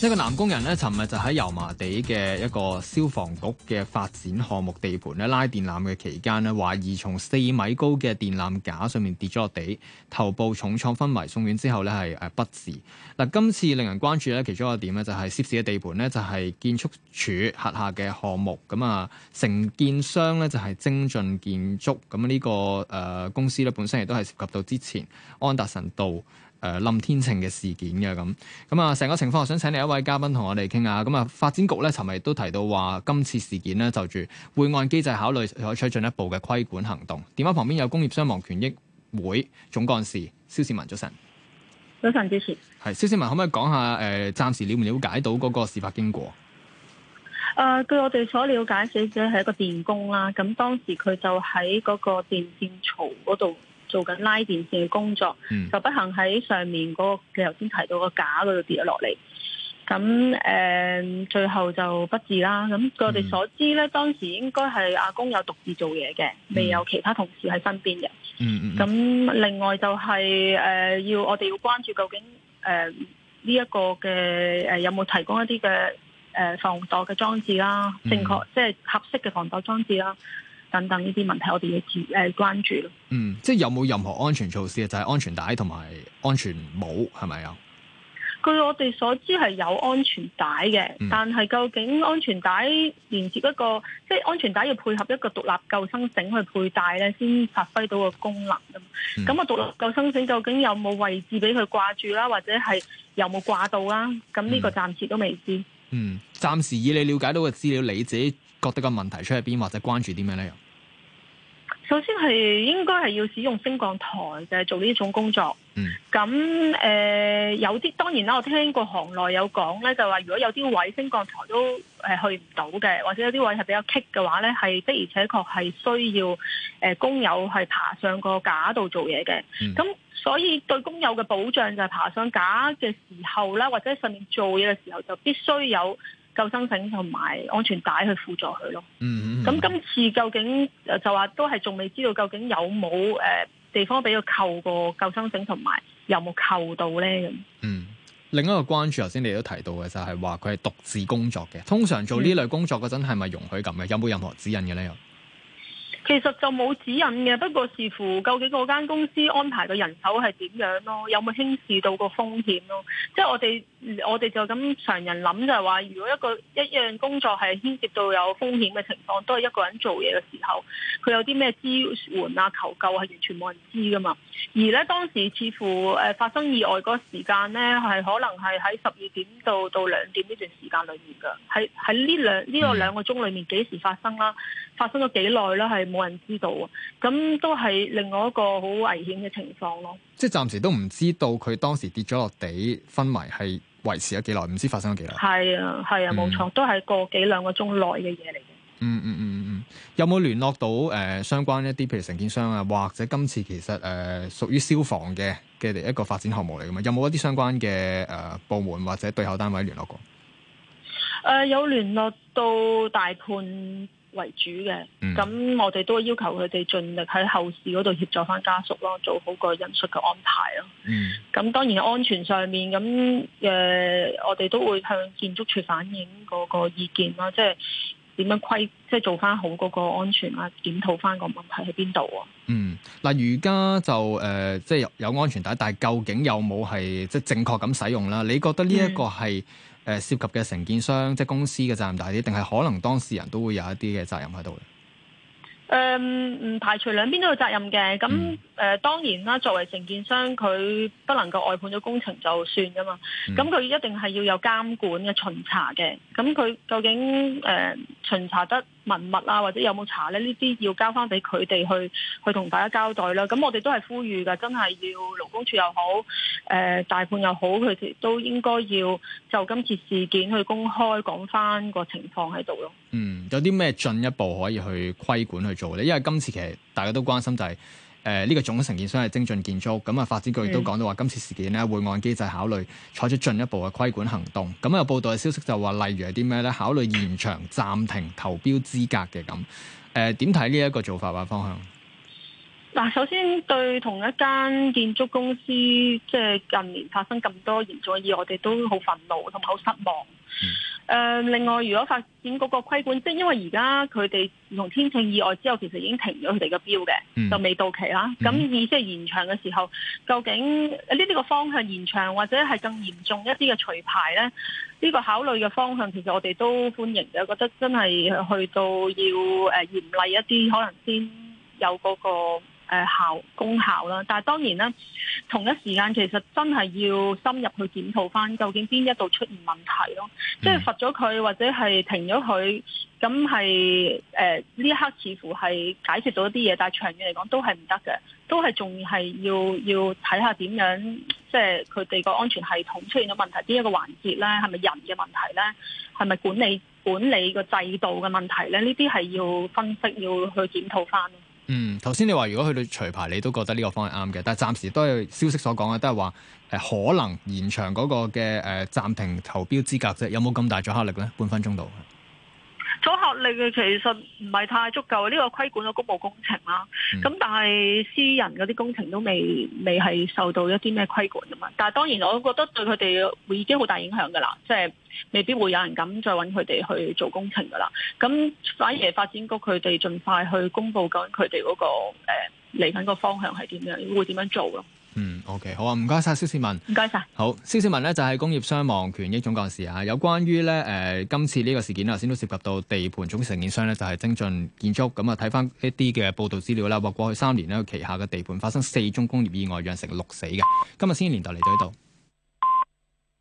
一個男工人咧，尋日就喺油麻地嘅一個消防局嘅發展項目地盤咧拉電纜嘅期間呢，懷疑從四米高嘅電纜架上面跌咗落地，頭部重創昏迷，送院之後咧係誒不治。嗱、啊，今次令人關注咧其中一個點咧就係涉事嘅地盤咧就係、是、建築署轄下嘅項目，咁啊承建商咧就係、是、精進建築，咁呢、這個誒、呃、公司咧本身亦都係涉及到之前安達臣道。誒冧、呃、天晴嘅事件嘅咁咁啊，成個情況，我想請嚟一位嘉賓同我哋傾下。咁啊，發展局咧尋日都提到話，今次事件咧就住會按機制考慮採取進一步嘅規管行動。電話旁邊有工業傷亡權益會總幹事蕭倩文，早晨。早晨，主持人。係，蕭倩文可唔可以講下誒、呃？暫時了唔了解到嗰個事發經過？誒、呃，據我哋所了解，死者係一個電工啦。咁當時佢就喺嗰個電線槽嗰度，做緊拉電線嘅工作，嗯、就不幸喺上面嗰、那個你頭先提到個架嗰度跌咗落嚟，咁誒、呃、最後就不治啦。咁據我哋所知呢，嗯、當時應該係阿公有獨自做嘢嘅，嗯、未有其他同事喺身邊嘅。咁、嗯嗯嗯、另外就係、是、誒、呃、要我哋要關注究竟誒呢一個嘅誒、呃、有冇提供一啲嘅誒防墮嘅裝置啦，正確、嗯、正確即係合適嘅防墮裝置啦。等等呢啲問題，我哋要注誒關注。嗯，即係有冇任何安全措施啊？就係、係、安全帶同埋安全帽係咪啊？據我哋所知係有安全帶嘅，嗯、但係究竟安全帶連接一個即係安全帶要配合一個獨立救生繩去佩戴咧，先發揮到個功能。咁啊、嗯，獨立救生繩究竟有冇位置俾佢掛住啦？或者係有冇掛到啦？咁呢個暫時都未知嗯。嗯，暫時以你了解到嘅資料，你自己。覺得個問題出喺邊，或者關注啲咩咧？又首先係應該係要使用升降台嘅做呢種工作。嗯，咁誒、呃、有啲當然啦，我聽過行內有講咧，就話、是、如果有啲位升降台都誒去唔到嘅，或者有啲位係比較棘嘅話咧，係的而且確係需要誒工友係爬上個架度做嘢嘅。咁、嗯、所以對工友嘅保障就係爬上架嘅時候咧，或者上面做嘢嘅時候就必須有。救生繩同埋安全帶去輔助佢咯。嗯嗯。咁、嗯、今次究竟就話都係仲未知道究竟有冇誒、呃、地方俾佢扣個救生繩同埋有冇扣到咧咁。嗯，另一個關注頭先你都提到嘅就係話佢係獨自工作嘅。通常做呢類工作嗰陣係咪容許咁嘅？有冇任何指引嘅咧？其實就冇指引嘅，不過視乎究竟嗰間公司安排嘅人手係點樣咯，有冇輕視到個風險咯？即係我哋我哋就咁常人諗就係話，如果一個一樣工作係牽涉到有風險嘅情況，都係一個人做嘢嘅時候，佢有啲咩支援啊、求救係完全冇人知㗎嘛？而呢當時似乎誒、呃、發生意外嗰時間呢，係可能係喺十二點到到兩點呢段時間裏面㗎，喺喺呢兩呢個兩個鐘裏面幾時發生啦？發生咗幾耐啦？係冇人知道啊！咁都係另外一個好危險嘅情況咯。即係暫時都唔知道佢當時跌咗落地，昏迷係維持咗幾耐，唔知發生咗幾耐。係啊，係啊，冇錯，嗯、都係個幾兩個鐘內嘅嘢嚟嘅。嗯嗯嗯嗯嗯。有冇聯絡到誒、呃、相關一啲，譬如承建商啊，或者今次其實誒、呃、屬於消防嘅嘅一個發展項目嚟嘅嘛？有冇一啲相關嘅誒、呃、部門或者對口單位聯絡過？誒、呃、有聯絡到大判。為主嘅，咁、嗯、我哋都要求佢哋盡力喺後事嗰度協助翻家屬咯，做好個人術嘅安排咯。咁、嗯、當然安全上面，咁誒、呃、我哋都會向建築署反映嗰個意見啦，即係點樣規，即係做翻好嗰個安全啦，檢討翻個問題喺邊度啊？嗯，嗱，而、呃、家就誒，即係有安全帶，但係究竟有冇係即係正確咁使用啦？你覺得呢一個係？嗯涉及嘅承建商即係公司嘅責任大啲，定係可能當事人都會有一啲嘅責任喺度咧？誒唔、嗯、排除兩邊都有責任嘅。咁誒、呃、當然啦，作為承建商，佢不能夠外判咗工程就算噶嘛。咁佢一定係要有監管嘅巡查嘅。咁佢究竟誒、呃、巡查得？文物啊，或者有冇查咧？呢啲要交翻俾佢哋去去同大家交代啦。咁我哋都係呼籲噶，真係要勞工處又好，誒、呃、大判又好，佢哋都應該要就今次事件去公開講翻個情況喺度咯。嗯，有啲咩進一步可以去規管去做咧？因為今次其實大家都關心就係、是。誒呢、呃這個總承建商係精進建築，咁、嗯、啊、嗯、發展局亦都講到話，今次事件咧會按機制考慮採取進一步嘅規管行動。咁、嗯、啊，有報道嘅消息就話，例如係啲咩咧？考慮延長暫停投標資格嘅咁。誒點睇呢一個做法或方向？嗱，首先對同一間建築公司，即、就、係、是、近年發生咁多嚴重嘅事，我哋都好憤怒同埋好失望。嗯誒另外，如果發展嗰個規管，即係因為而家佢哋同天秤意外之後，其實已經停咗佢哋嘅標嘅，就未到期啦。咁意思係延長嘅時候，究竟呢啲個方向延長，或者係更嚴重一啲嘅除牌呢？呢個考慮嘅方向，其實我哋都歡迎嘅，覺得真係去到要誒嚴厲一啲，可能先有嗰個。誒效功效啦，但係當然啦，同一時間其實真係要深入去檢討翻，究竟邊一度出現問題咯？即係罰咗佢，或者係停咗佢，咁係誒呢一刻似乎係解決到一啲嘢，但係長遠嚟講都係唔得嘅，都係仲係要要睇下點樣，即係佢哋個安全系統出現咗問題，邊一個環節咧？係咪人嘅問題咧，係咪管理管理個制度嘅問題咧？呢啲係要分析，要去檢討翻。嗯，頭先你話如果去到除牌，你都覺得呢個方案係啱嘅，但係暫時都係消息所講啊，都係話誒可能延長嗰個嘅誒、呃、暫停投標資格啫，有冇咁大阻嚇力呢？半分鐘度。阻合力嘅其實唔係太足夠，呢個規管咗公務工程啦。咁但係私人嗰啲工程都未未係受到一啲咩規管啊嘛。但係當然，我覺得對佢哋會已經好大影響㗎啦。即係未必會有人敢再揾佢哋去做工程㗎啦。咁反而發展局佢哋盡快去公佈緊佢哋嗰個誒嚟緊個方向係點樣，會點樣做咯。嗯，OK，好啊，唔該晒，蕭倩文，唔該晒，好，蕭倩文呢就係、是、工業傷亡權益總幹事啊，有關於呢，誒、呃、今次呢個事件啦，頭先都涉及到地盤總承建商呢，就係、是、精進建築，咁啊睇翻一啲嘅報道資料啦，話過去三年呢旗下嘅地盤發生四宗工業意外，釀成六死嘅，今日先年代嚟到呢度。